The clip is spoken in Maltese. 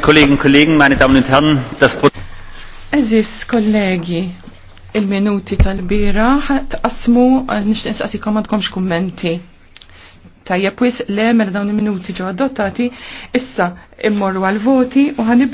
Liebe Kollegen, meine Damen und Herren, das Eżis kollegi, il-minuti tal-bira tqasmu nixtieq nsaqsikom għandkomx kummenti. Tajja pwis le mela dawn il-minuti ġew adottati, issa immorru għal-voti u ħanib